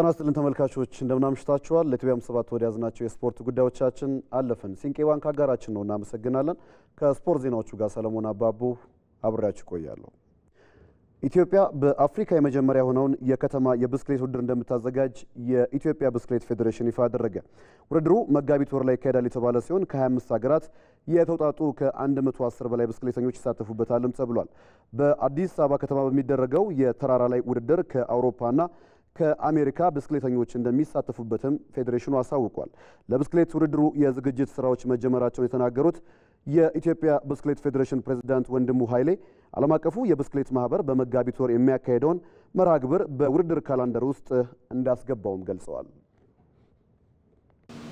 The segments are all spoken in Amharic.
ጤና ይስጥልን ተመልካቾች እንደምናምሽታችኋል። ለኢትዮጵያም ሰባት ወደ ያዝናቸው የስፖርት ጉዳዮቻችን አለፍን። ሲንቄ ባንክ አጋራችን ነው፣ እናመሰግናለን። ከስፖርት ዜናዎቹ ጋር ሰለሞን አባቡ አብሬያችሁ ቆያለሁ። ኢትዮጵያ በአፍሪካ የመጀመሪያ የሆነውን የከተማ የብስክሌት ውድድር እንደምታዘጋጅ የኢትዮጵያ ብስክሌት ፌዴሬሽን ይፋ አደረገ። ውድድሩ መጋቢት ወር ላይ ይካሄዳል የተባለ ሲሆን ከ25 ሀገራት የተውጣጡ ከ110 በላይ ብስክሌተኞች ይሳተፉበታልም ተብሏል። በአዲስ አበባ ከተማ በሚደረገው የተራራ ላይ ውድድር ከአውሮፓና ከአሜሪካ ብስክሌተኞች እንደሚሳተፉበትም ፌዴሬሽኑ አሳውቋል። ለብስክሌት ውድድሩ የዝግጅት ስራዎች መጀመራቸውን የተናገሩት የኢትዮጵያ ብስክሌት ፌዴሬሽን ፕሬዝዳንት ወንድሙ ኃይሌ ዓለም አቀፉ የብስክሌት ማህበር በመጋቢት ወር የሚያካሄደውን መርሃ ግብር በውድድር ካላንደር ውስጥ እንዳስገባውም ገልጸዋል።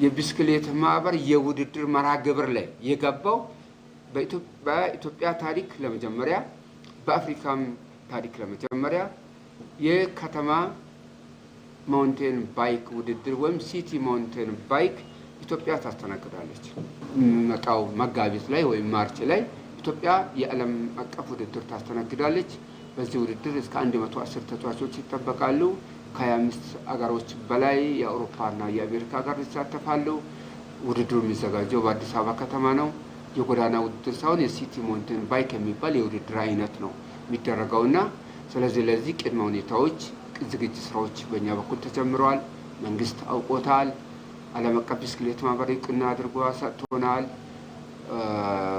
የብስክሌት ማህበር የውድድር መርሃ ግብር ላይ የገባው በኢትዮጵያ ታሪክ ለመጀመሪያ በአፍሪካም ታሪክ ለመጀመሪያ የከተማ ማውንቴን ባይክ ውድድር ወይም ሲቲ ማውንቴን ባይክ ኢትዮጵያ ታስተናግዳለች። መጣው መጋቢት ላይ ወይም ማርች ላይ ኢትዮጵያ የዓለም አቀፍ ውድድር ታስተናግዳለች። በዚህ ውድድር እስከ 110 ተጫዋቾች ይጠበቃሉ። ከ25 አገሮች በላይ የአውሮፓና የአሜሪካ ሀገር ይሳተፋሉ። ውድድሩ የሚዘጋጀው በአዲስ አበባ ከተማ ነው። የጎዳና ውድድር ሳይሆን የሲቲ ማውንቴን ባይክ የሚባል የውድድር አይነት ነው የሚደረገውና ስለዚህ ለዚህ ቅድመ ሁኔታዎች ዝግጅት ስራዎች በእኛ በኩል ተጀምረዋል። መንግስት አውቆታል። ዓለም አቀፍ ብስክሌት ማህበር እውቅና አድርጎ ሰጥቶናል።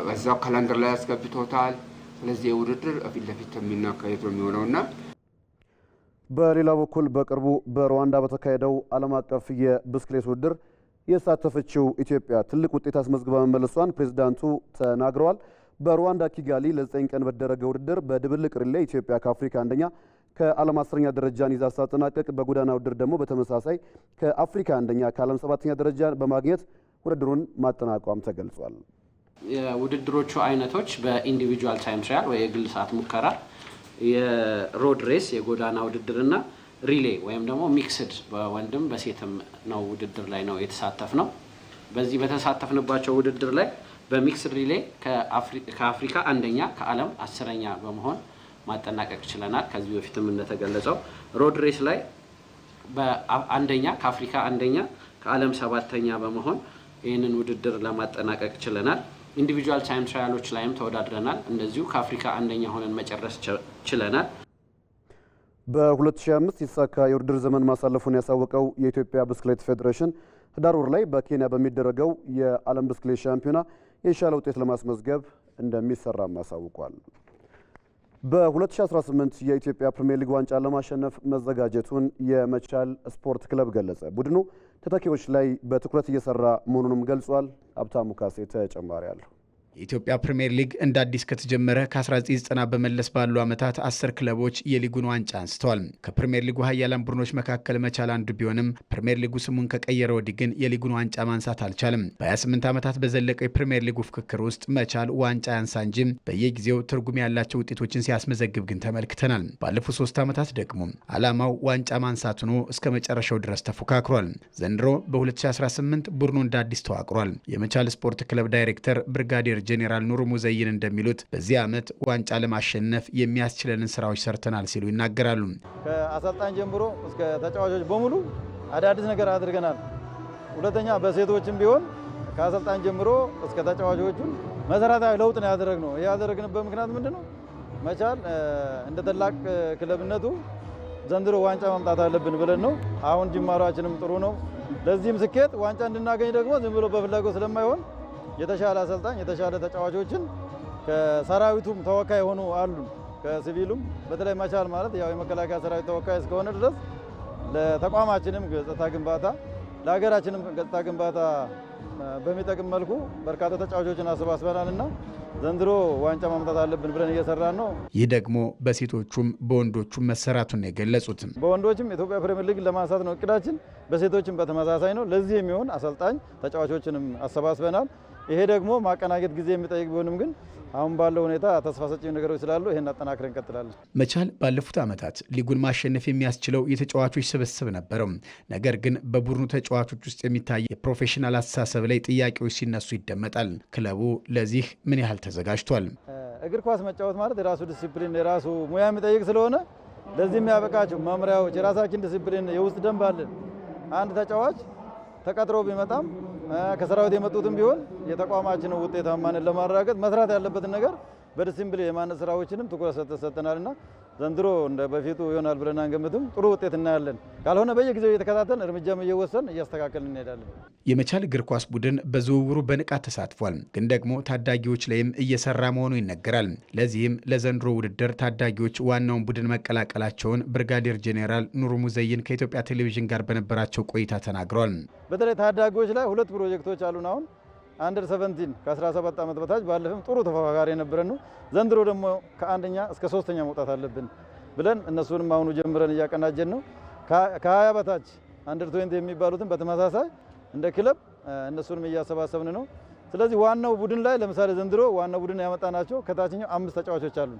በዛው ካላንደር ላይ አስገብቶታል። ስለዚህ የውድድር ፊት ለፊት የሚናካሄድ የሚሆነው ና በሌላ በኩል በቅርቡ በሩዋንዳ በተካሄደው ዓለም አቀፍ የብስክሌት ውድድር የተሳተፈችው ኢትዮጵያ ትልቅ ውጤት አስመዝግባ መመለሷን ፕሬዚዳንቱ ተናግረዋል። በሩዋንዳ ኪጋሊ ለዘጠኝ ቀን በተደረገ ውድድር በድብልቅ ሪሌ ኢትዮጵያ ከአፍሪካ አንደኛ ከዓለም አስረኛ ደረጃን ይዛ ስታጠናቀቅ በጎዳና ውድድር ደግሞ በተመሳሳይ ከአፍሪካ አንደኛ ከዓለም ሰባተኛ ደረጃ በማግኘት ውድድሩን ማጠናቋም ተገልጿል። የውድድሮቹ አይነቶች በኢንዲቪጁዋል ታይም ትራያል ወይ የግል ሰዓት ሙከራ፣ የሮድ ሬስ የጎዳና ውድድርና ሪሌ ወይም ደግሞ ሚክስድ በወንድም በሴትም ነው ውድድር ላይ ነው የተሳተፍ ነው። በዚህ በተሳተፍንባቸው ውድድር ላይ በሚክስድ ሪሌ ከአፍሪካ አንደኛ ከዓለም አስረኛ በመሆን ማጠናቀቅ ችለናል። ከዚህ በፊትም እንደተገለጸው ሮድ ሬስ ላይ በአንደኛ ከአፍሪካ አንደኛ ከዓለም ሰባተኛ በመሆን ይህንን ውድድር ለማጠናቀቅ ችለናል። ኢንዲቪጁዋል ታይም ትራያሎች ላይም ተወዳድረናል። እንደዚሁ ከአፍሪካ አንደኛ ሆነን መጨረስ ችለናል። በ2005 የተሳካ የውድድር ዘመን ማሳለፉን ያሳወቀው የኢትዮጵያ ብስክሌት ፌዴሬሽን ህዳር ወር ላይ በኬንያ በሚደረገው የዓለም ብስክሌት ሻምፒዮና የሻለ ውጤት ለማስመዝገብ እንደሚሰራም አሳውቋል። በ2018 የኢትዮጵያ ፕሪሚየር ሊግ ዋንጫ ለማሸነፍ መዘጋጀቱን የመቻል ስፖርት ክለብ ገለጸ። ቡድኑ ተተኪዎች ላይ በትኩረት እየሰራ መሆኑንም ገልጿል። ሀብታሙ ካሴ ተጨማሪ አለሁ የኢትዮጵያ ፕሪምየር ሊግ እንደ አዲስ ከተጀመረ ከ1990 በመለስ ባሉ ዓመታት አስር ክለቦች የሊጉን ዋንጫ አንስተዋል። ከፕሪምየር ሊጉ ሀያላን ቡድኖች መካከል መቻል አንዱ ቢሆንም ፕሪምየር ሊጉ ስሙን ከቀየረ ወዲህ ግን የሊጉን ዋንጫ ማንሳት አልቻለም። በ28 ዓመታት በዘለቀው የፕሪምየር ሊጉ ፍክክር ውስጥ መቻል ዋንጫ ያንሳ እንጂ በየጊዜው ትርጉም ያላቸው ውጤቶችን ሲያስመዘግብ ግን ተመልክተናል። ባለፉት ሶስት ዓመታት ደግሞ ዓላማው ዋንጫ ማንሳት ሆኖ እስከ መጨረሻው ድረስ ተፎካክሯል። ዘንድሮ በ2018 ቡድኑ እንደ አዲስ ተዋቅሯል። የመቻል ስፖርት ክለብ ዳይሬክተር ብርጋዴር ጄኔራል ኑር ሙዘይን እንደሚሉት በዚህ ዓመት ዋንጫ ለማሸነፍ የሚያስችለንን ስራዎች ሰርተናል ሲሉ ይናገራሉ። ከአሰልጣኝ ጀምሮ እስከ ተጫዋቾች በሙሉ አዳዲስ ነገር አድርገናል። ሁለተኛ በሴቶችም ቢሆን ከአሰልጣኝ ጀምሮ እስከ ተጫዋቾቹን መሰረታዊ ለውጥ ነው ያደረግነው። ያደረግንበት ምክንያት ምንድን ነው? መቻል እንደ ታላቅ ክለብነቱ ዘንድሮ ዋንጫ ማምጣት አለብን ብለን ነው። አሁን ጅማሯችንም ጥሩ ነው። ለዚህም ስኬት ዋንጫ እንድናገኝ ደግሞ ዝም ብሎ በፍላጎት ስለማይሆን የተሻለ አሰልጣኝ የተሻለ ተጫዋቾችን ከሰራዊቱም ተወካይ የሆኑ አሉ ከሲቪሉም በተለይ መቻል ማለት ያው የመከላከያ ሰራዊት ተወካይ እስከሆነ ድረስ ለተቋማችንም ገጽታ ግንባታ ለሀገራችንም ገጽታ ግንባታ በሚጠቅም መልኩ በርካታ ተጫዋቾችን አሰባስበናል እና ዘንድሮ ዋንጫ ማምጣት አለብን ብለን እየሰራን ነው። ይህ ደግሞ በሴቶቹም በወንዶቹም መሰራቱን የገለጹትም በወንዶችም የኢትዮጵያ ፕሪምየር ሊግ ለማንሳት ነው እቅዳችን፣ በሴቶችም በተመሳሳይ ነው። ለዚህ የሚሆን አሰልጣኝ ተጫዋቾችንም አሰባስበናል። ይሄ ደግሞ ማቀናጀት ጊዜ የሚጠይቅ ቢሆንም ግን አሁን ባለው ሁኔታ ተስፋ ሰጪ ነገሮች ስላሉ ይህን አጠናክረን እንቀጥላለን። መቻል ባለፉት ዓመታት ሊጉን ማሸነፍ የሚያስችለው የተጫዋቾች ስብስብ ነበረው። ነገር ግን በቡድኑ ተጫዋቾች ውስጥ የሚታይ የፕሮፌሽናል አስተሳሰብ ላይ ጥያቄዎች ሲነሱ ይደመጣል። ክለቡ ለዚህ ምን ያህል ተዘጋጅቷል? እግር ኳስ መጫወት ማለት የራሱ ዲሲፕሊን፣ የራሱ ሙያ የሚጠይቅ ስለሆነ ለዚህ የሚያበቃቸው መምሪያዎች፣ የራሳችን ዲሲፕሊን፣ የውስጥ ደንብ አለን። አንድ ተጫዋች ተቀጥሮ ቢመጣም ከሰራዊት የመጡትም ቢሆን የተቋማችንን ውጤታማነት ለማረጋገጥ መስራት ያለበትን ነገር በዲሲምፕሊን የማነት ስራዎችንም ትኩረት ሰጥተናልና ዘንድሮ እንደ በፊቱ ይሆናል ብለን አንገምትም። ጥሩ ውጤት እናያለን። ካልሆነ በየጊዜው እየተከታተል እርምጃም እየወሰን እያስተካከልን እንሄዳለን። የመቻል እግር ኳስ ቡድን በዝውውሩ በንቃት ተሳትፏል፣ ግን ደግሞ ታዳጊዎች ላይም እየሰራ መሆኑ ይነገራል። ለዚህም ለዘንድሮ ውድድር ታዳጊዎች ዋናውን ቡድን መቀላቀላቸውን ብርጋዴር ጄኔራል ኑሩ ሙዘይን ከኢትዮጵያ ቴሌቪዥን ጋር በነበራቸው ቆይታ ተናግረዋል። በተለይ ታዳጊዎች ላይ ሁለት ፕሮጀክቶች አሉን አሁን አንደር 17 ከ17 ዓመት በታች ባለፈም ጥሩ ተፎካካሪ የነበረን ነው። ዘንድሮ ደግሞ ከአንደኛ እስከ ሶስተኛ መውጣት አለብን ብለን እነሱንም አሁኑ ጀምረን እያቀናጀን ነው። ከ20 በታች አንደር 20 የሚባሉትን በተመሳሳይ እንደ ክለብ እነሱንም እያሰባሰብን ነው። ስለዚህ ዋናው ቡድን ላይ ለምሳሌ ዘንድሮ ዋናው ቡድን ያመጣናቸው ከታችኛው አምስት ተጫዋቾች አሉ።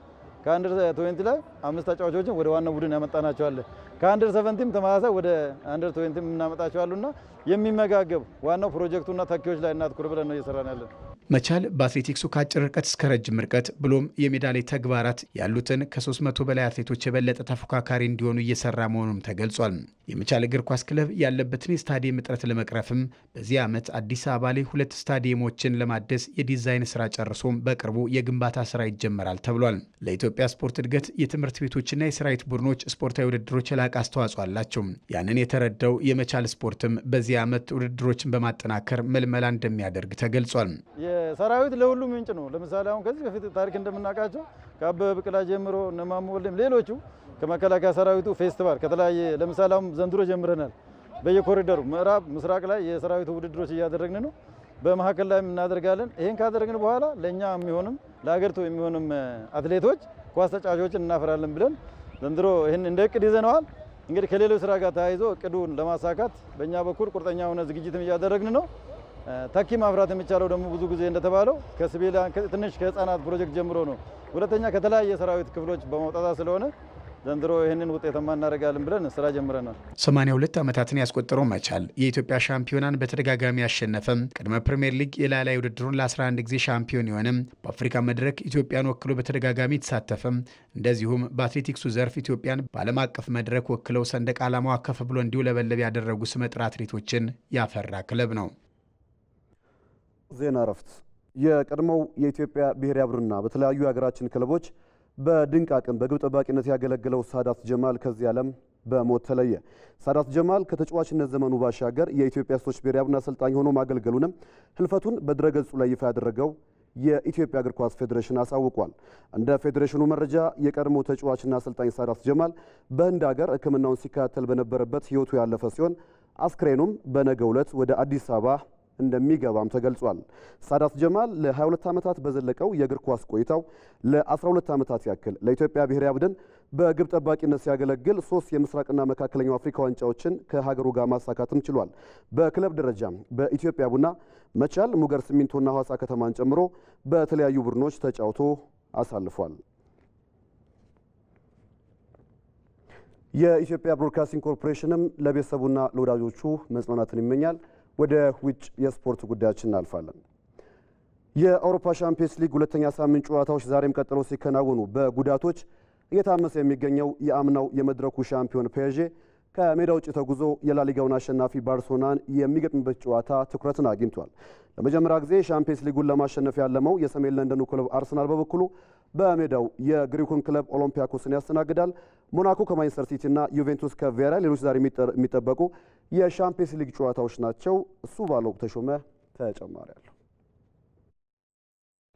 ከአንደር ትዌንቲ ላይ አምስት ተጫዋቾችን ወደ ዋናው ቡድን ያመጣናቸዋለን። ከአንደር ሰቨንቲም ተመሳሳይ ወደ አንደር ትዌንቲም እናመጣቸዋሉና የሚመጋገብ ዋናው ፕሮጀክቱና ተኪዎች ላይ እናትኩር ብለን ነው እየሰራን ያለን። መቻል በአትሌቲክሱ ከአጭር ርቀት እስከ ረጅም ርቀት ብሎም የሜዳ ላይ ተግባራት ያሉትን ከ300 በላይ አትሌቶች የበለጠ ተፎካካሪ እንዲሆኑ እየሰራ መሆኑም ተገልጿል። የመቻል እግር ኳስ ክለብ ያለበትን የስታዲየም እጥረት ለመቅረፍም በዚህ ዓመት አዲስ አበባ ላይ ሁለት ስታዲየሞችን ለማደስ የዲዛይን ስራ ጨርሶም በቅርቡ የግንባታ ስራ ይጀመራል ተብሏል። ለኢትዮጵያ ስፖርት እድገት የትምህርት ቤቶችና የሰራዊት ቡድኖች ስፖርታዊ ውድድሮች የላቀ አስተዋጽኦ አላቸው። ያንን የተረዳው የመቻል ስፖርትም በዚህ ዓመት ውድድሮችን በማጠናከር መልመላ እንደሚያደርግ ተገልጿል። ሰራዊት ለሁሉም ምንጭ ነው። ለምሳሌ አሁን ከዚህ በፊት ታሪክ እንደምናውቃቸው ከአበበ ቢቂላ ጀምሮ እነ ማሞ ሌሎቹ ከመከላከያ ሰራዊቱ ፌስቲቫል ከተለያየ ለምሳሌ አሁን ዘንድሮ ጀምረናል። በየኮሪደሩ ምዕራብ፣ ምስራቅ ላይ የሰራዊቱ ውድድሮች እያደረግን ነው። በመካከል ላይ እናደርጋለን። ይህን ካደረግን በኋላ ለእኛ የሚሆንም ለሀገሪቱ የሚሆንም አትሌቶች ኳስ ተጫዋቾችን እናፈራለን ብለን ዘንድሮ ይህን እንደ እቅድ ይዘነዋል። እንግዲህ ከሌሎች ስራ ጋር ተያይዞ እቅዱን ለማሳካት በእኛ በኩል ቁርጠኛ የሆነ ዝግጅትም እያደረግን ነው። ተኪ ማፍራት የሚቻለው ደግሞ ብዙ ጊዜ እንደተባለው ከስቤላ ትንሽ ከህፃናት ፕሮጀክት ጀምሮ ነው። ሁለተኛ ከተለያየ የሰራዊት ክፍሎች በማውጣታ ስለሆነ ዘንድሮ ይህንን ውጤታማ እናደርጋለን ብለን ስራ ጀምረናል። 82 ዓመታትን ያስቆጠረው መቻል የኢትዮጵያ ሻምፒዮናን በተደጋጋሚ ያሸነፈም ቅድመ ፕሪምየር ሊግ የላላይ ውድድሩን ለ11 ጊዜ ሻምፒዮን የሆነም በአፍሪካ መድረክ ኢትዮጵያን ወክሎ በተደጋጋሚ የተሳተፈም እንደዚሁም በአትሌቲክሱ ዘርፍ ኢትዮጵያን በዓለም አቀፍ መድረክ ወክለው ሰንደቅ ዓላማዋ ከፍ ብሎ እንዲውለበለብ ያደረጉ ስመጥር አትሌቶችን ያፈራ ክለብ ነው። ዜና እረፍት። የቀድሞው የኢትዮጵያ ብሔራዊ ቡድንና በተለያዩ የሀገራችን ክለቦች በድንቅ አቅም በግብ ጠባቂነት ያገለገለው ሳዳት ጀማል ከዚህ ዓለም በሞት ተለየ። ሳዳት ጀማል ከተጫዋችነት ዘመኑ ባሻገር የኢትዮጵያ ሴቶች ብሔራዊ ቡድን አሰልጣኝ ሆኖ ማገልገሉንም ህልፈቱን በድረገጹ ላይ ይፋ ያደረገው የኢትዮጵያ እግር ኳስ ፌዴሬሽን አሳውቋል። እንደ ፌዴሬሽኑ መረጃ የቀድሞ ተጫዋችና አሰልጣኝ ሳዳት ጀማል በህንድ ሀገር ሕክምናውን ሲከታተል በነበረበት ህይወቱ ያለፈ ሲሆን አስክሬኑም በነገው ዕለት ወደ አዲስ አበባ እንደሚገባም ተገልጿል። ሳዳት ጀማል ለ22 ዓመታት በዘለቀው የእግር ኳስ ቆይታው ለ12 ዓመታት ያክል ለኢትዮጵያ ብሔራዊ ቡድን በግብ ጠባቂነት ሲያገለግል ሶስት የምስራቅና መካከለኛው አፍሪካ ዋንጫዎችን ከሀገሩ ጋር ማሳካትም ችሏል። በክለብ ደረጃ በኢትዮጵያ ቡና፣ መቻል፣ ሙገር ሲሚንቶና ሐዋሳ ከተማን ጨምሮ በተለያዩ ቡድኖች ተጫውቶ አሳልፏል። የኢትዮጵያ ብሮድካስቲንግ ኮርፖሬሽንም ለቤተሰቡና ለወዳጆቹ መጽናናትን ይመኛል። ወደ ውጭ የስፖርት ጉዳያችን እናልፋለን። የአውሮፓ ሻምፒየንስ ሊግ ሁለተኛ ሳምንት ጨዋታዎች ዛሬም ቀጥለው ሲከናወኑ በጉዳቶች እየታመሰ የሚገኘው የአምናው የመድረኩ ሻምፒዮን ፔዤ ከሜዳ ውጭ ተጉዞ የላሊጋውን አሸናፊ ባርሶናን የሚገጥምበት ጨዋታ ትኩረትን አግኝቷል። ለመጀመሪያ ጊዜ ሻምፒየንስ ሊጉን ለማሸነፍ ያለመው የሰሜን ለንደኑ ክለብ አርሰናል በበኩሉ በሜዳው የግሪኩን ክለብ ኦሎምፒያኮስን ያስተናግዳል። ሞናኮ ከማንቸስተር ሲቲ እና ዩቬንቱስ ከቬራ ሌሎች ዛሬ የሚጠበቁ የሻምፒየንስ ሊግ ጨዋታዎች ናቸው። እሱ ባለው ተሾመ ተጨማሪ አለ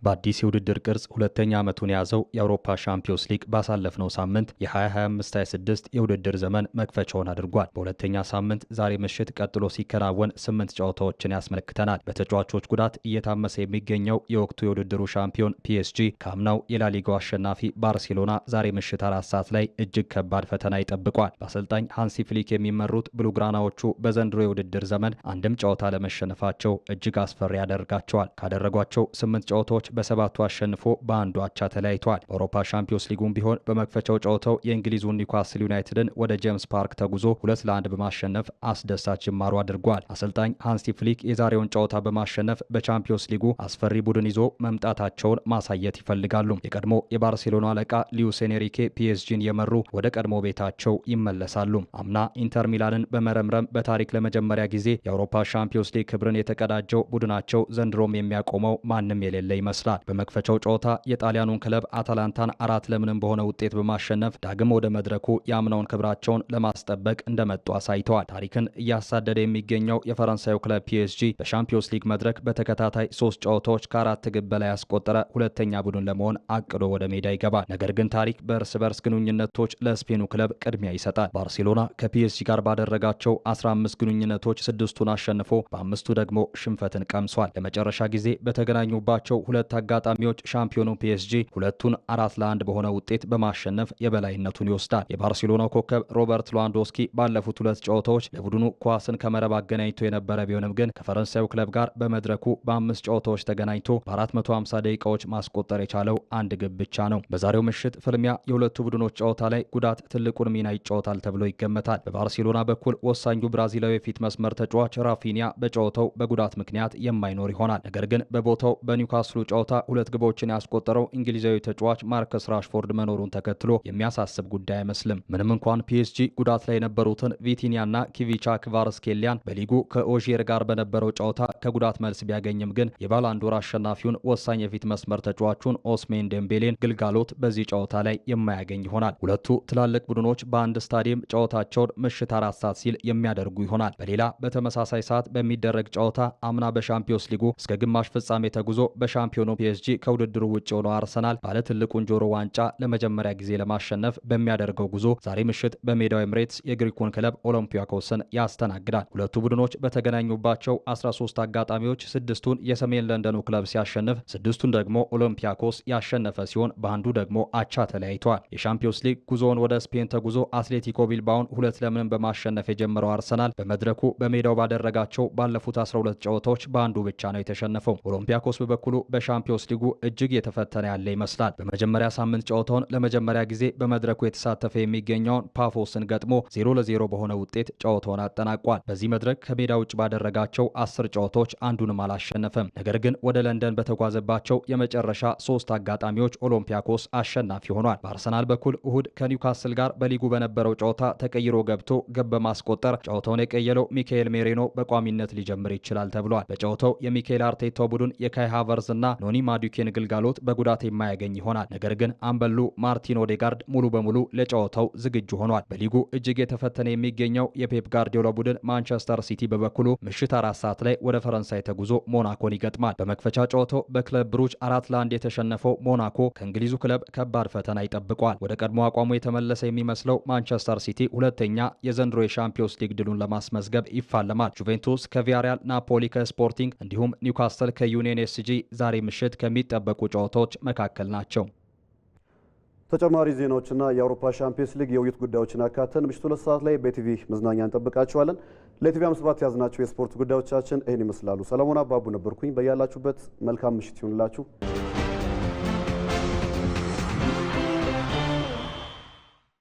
በአዲስ የውድድር ቅርጽ ሁለተኛ ዓመቱን የያዘው የአውሮፓ ሻምፒዮንስ ሊግ ባሳለፍነው ሳምንት የ2025/26 የውድድር ዘመን መክፈቻውን አድርጓል። በሁለተኛ ሳምንት ዛሬ ምሽት ቀጥሎ ሲከናወን ስምንት ጨዋታዎችን ያስመለክተናል። በተጫዋቾች ጉዳት እየታመሰ የሚገኘው የወቅቱ የውድድሩ ሻምፒዮን ፒኤስጂ ከአምናው የላሊጋው አሸናፊ ባርሴሎና ዛሬ ምሽት አራት ሰዓት ላይ እጅግ ከባድ ፈተና ይጠብቋል። በአሰልጣኝ ሃንሲ ፍሊክ የሚመሩት ብሉግራናዎቹ በዘንድሮ የውድድር ዘመን አንድም ጨዋታ ለመሸነፋቸው እጅግ አስፈሪ ያደርጋቸዋል። ካደረጓቸው ስምንት ጨዋታዎች በሰባቱ አሸንፎ በአንዱ አቻ ተለያይቷል። በአውሮፓ ሻምፒዮንስ ሊጉም ቢሆን በመክፈቻው ጨዋታው የእንግሊዙ ኒውካስል ዩናይትድን ወደ ጄምስ ፓርክ ተጉዞ ሁለት ለአንድ በማሸነፍ አስደሳች ጅማሩ አድርጓል። አሰልጣኝ ሃንሲ ፍሊክ የዛሬውን ጨዋታ በማሸነፍ በቻምፒዮንስ ሊጉ አስፈሪ ቡድን ይዞ መምጣታቸውን ማሳየት ይፈልጋሉ። የቀድሞ የባርሴሎና አለቃ ሊዩስ ኤንሪኬ ፒኤስጂን የመሩ ወደ ቀድሞ ቤታቸው ይመለሳሉ። አምና ኢንተር ሚላንን በመረምረም በታሪክ ለመጀመሪያ ጊዜ የአውሮፓ ሻምፒዮንስ ሊግ ክብርን የተቀዳጀው ቡድናቸው ዘንድሮም የሚያቆመው ማንም የሌለ ይመስላል። ይመስላል። በመክፈቻው ጨዋታ የጣሊያኑን ክለብ አታላንታን አራት ለምንም በሆነ ውጤት በማሸነፍ ዳግም ወደ መድረኩ የአምናውን ክብራቸውን ለማስጠበቅ እንደመጡ አሳይተዋል። ታሪክን እያሳደደ የሚገኘው የፈረንሳዩ ክለብ ፒኤስጂ በሻምፒዮንስ ሊግ መድረክ በተከታታይ ሶስት ጨዋታዎች ከአራት ግብ በላይ ያስቆጠረ ሁለተኛ ቡድን ለመሆን አቅዶ ወደ ሜዳ ይገባል። ነገር ግን ታሪክ በእርስ በርስ ግንኙነቶች ለስፔኑ ክለብ ቅድሚያ ይሰጣል። ባርሴሎና ከፒኤስጂ ጋር ባደረጋቸው 15 ግንኙነቶች ስድስቱን አሸንፎ በአምስቱ ደግሞ ሽንፈትን ቀምሷል። ለመጨረሻ ጊዜ በተገናኙባቸው ሁለት በሁለት አጋጣሚዎች ሻምፒዮኑ ፒኤስጂ ሁለቱን አራት ለአንድ በሆነ ውጤት በማሸነፍ የበላይነቱን ይወስዳል። የባርሴሎናው ኮከብ ሮበርት ሌዋንዶስኪ ባለፉት ሁለት ጨዋታዎች ለቡድኑ ኳስን ከመረብ አገናኝቶ የነበረ ቢሆንም ግን ከፈረንሳዩ ክለብ ጋር በመድረኩ በአምስት ጨዋታዎች ተገናኝቶ በ450 ደቂቃዎች ማስቆጠር የቻለው አንድ ግብ ብቻ ነው። በዛሬው ምሽት ፍልሚያ የሁለቱ ቡድኖች ጨዋታ ላይ ጉዳት ትልቁን ሚና ይጫወታል ተብሎ ይገመታል። በባርሴሎና በኩል ወሳኙ ብራዚላዊ የፊት መስመር ተጫዋች ራፊኒያ በጨዋታው በጉዳት ምክንያት የማይኖር ይሆናል። ነገር ግን በቦታው በኒውካስሉ ጨዋታ ጨዋታ ሁለት ግቦችን ያስቆጠረው እንግሊዛዊ ተጫዋች ማርከስ ራሽፎርድ መኖሩን ተከትሎ የሚያሳስብ ጉዳይ አይመስልም። ምንም እንኳን ፒኤስጂ ጉዳት ላይ የነበሩትን ቪቲኒያና ኪቪቻ ክቫርስኬሊያን በሊጉ ከኦዥር ጋር በነበረው ጨዋታ ከጉዳት መልስ ቢያገኝም ግን የባላንዶር አሸናፊውን ወሳኝ የፊት መስመር ተጫዋቹን ኦስሜን ደምቤሌን ግልጋሎት በዚህ ጨዋታ ላይ የማያገኝ ይሆናል። ሁለቱ ትላልቅ ቡድኖች በአንድ ስታዲየም ጨዋታቸውን ምሽት አራት ሰዓት ሲል የሚያደርጉ ይሆናል። በሌላ በተመሳሳይ ሰዓት በሚደረግ ጨዋታ አምና በሻምፒዮንስ ሊጉ እስከ ግማሽ ፍጻሜ ተጉዞ በሻምፒዮን ሆኖ ፒኤስጂ ከውድድሩ ውጭ ሆኖ አርሰናል ባለ ትልቁን ጆሮ ዋንጫ ለመጀመሪያ ጊዜ ለማሸነፍ በሚያደርገው ጉዞ ዛሬ ምሽት በሜዳው ኤምሬትስ የግሪኩን ክለብ ኦሎምፒያኮስን ያስተናግዳል። ሁለቱ ቡድኖች በተገናኙባቸው 13 አጋጣሚዎች ስድስቱን የሰሜን ለንደኑ ክለብ ሲያሸንፍ፣ ስድስቱን ደግሞ ኦሎምፒያኮስ ያሸነፈ ሲሆን በአንዱ ደግሞ አቻ ተለያይተዋል። የሻምፒዮንስ ሊግ ጉዞውን ወደ ስፔን ተጉዞ አትሌቲኮ ቢልባውን ሁለት ለምንም በማሸነፍ የጀመረው አርሰናል በመድረኩ በሜዳው ባደረጋቸው ባለፉት 12 ጨዋታዎች በአንዱ ብቻ ነው የተሸነፈው። ኦሎምፒያኮስ በበኩሉ በሻ በሻምፒዮንስ ሊጉ እጅግ የተፈተነ ያለ ይመስላል። በመጀመሪያ ሳምንት ጨዋታውን ለመጀመሪያ ጊዜ በመድረኩ የተሳተፈ የሚገኘውን ፓፎስን ገጥሞ ዜሮ ለዜሮ በሆነ ውጤት ጨዋታውን አጠናቋል። በዚህ መድረክ ከሜዳ ውጭ ባደረጋቸው አስር ጨዋታዎች አንዱንም አላሸነፈም። ነገር ግን ወደ ለንደን በተጓዘባቸው የመጨረሻ ሶስት አጋጣሚዎች ኦሎምፒያኮስ አሸናፊ ሆኗል። በአርሰናል በኩል እሁድ ከኒውካስል ጋር በሊጉ በነበረው ጨዋታ ተቀይሮ ገብቶ ግብ በማስቆጠር ጨዋታውን የቀየለው ሚካኤል ሜሬኖ በቋሚነት ሊጀምር ይችላል ተብሏል። በጨዋታው የሚካኤል አርቴቶ ቡድን የካይ ሃቨርዝ እና ኖኒ ማዱኬን ግልጋሎት በጉዳት የማያገኝ ይሆናል። ነገር ግን አምበሉ ማርቲን ኦዴጋርድ ሙሉ በሙሉ ለጨዋታው ዝግጁ ሆኗል። በሊጉ እጅግ የተፈተነ የሚገኘው የፔፕ ጋርዲዮላ ቡድን ማንቸስተር ሲቲ በበኩሉ ምሽት አራት ሰዓት ላይ ወደ ፈረንሳይ ተጉዞ ሞናኮን ይገጥማል። በመክፈቻ ጨዋታው በክለብ ብሩጅ አራት ለአንድ የተሸነፈው ሞናኮ ከእንግሊዙ ክለብ ከባድ ፈተና ይጠብቋል። ወደ ቀድሞ አቋሙ የተመለሰ የሚመስለው ማንቸስተር ሲቲ ሁለተኛ የዘንድሮ የሻምፒዮንስ ሊግ ድሉን ለማስመዝገብ ይፋለማል። ጁቬንቱስ ከቪያሪያል፣ ናፖሊ ከስፖርቲንግ እንዲሁም ኒውካስተል ከዩኒየን ኤስጂ ዛሬ ምሽት ከሚጠበቁ ጨዋታዎች መካከል ናቸው። ተጨማሪ ዜናዎችና የአውሮፓ ሻምፒየንስ ሊግ የውይይት ጉዳዮችን አካተን ምሽት ሁለት ሰዓት ላይ በቲቪ መዝናኛ እንጠብቃችኋለን። ለቲቪ አምስት ሰባት ያዝናቸው የስፖርት ጉዳዮቻችን ይህን ይመስላሉ። ሰለሞን አባቡ ነበርኩኝ። በያላችሁበት መልካም ምሽት ይሁንላችሁ።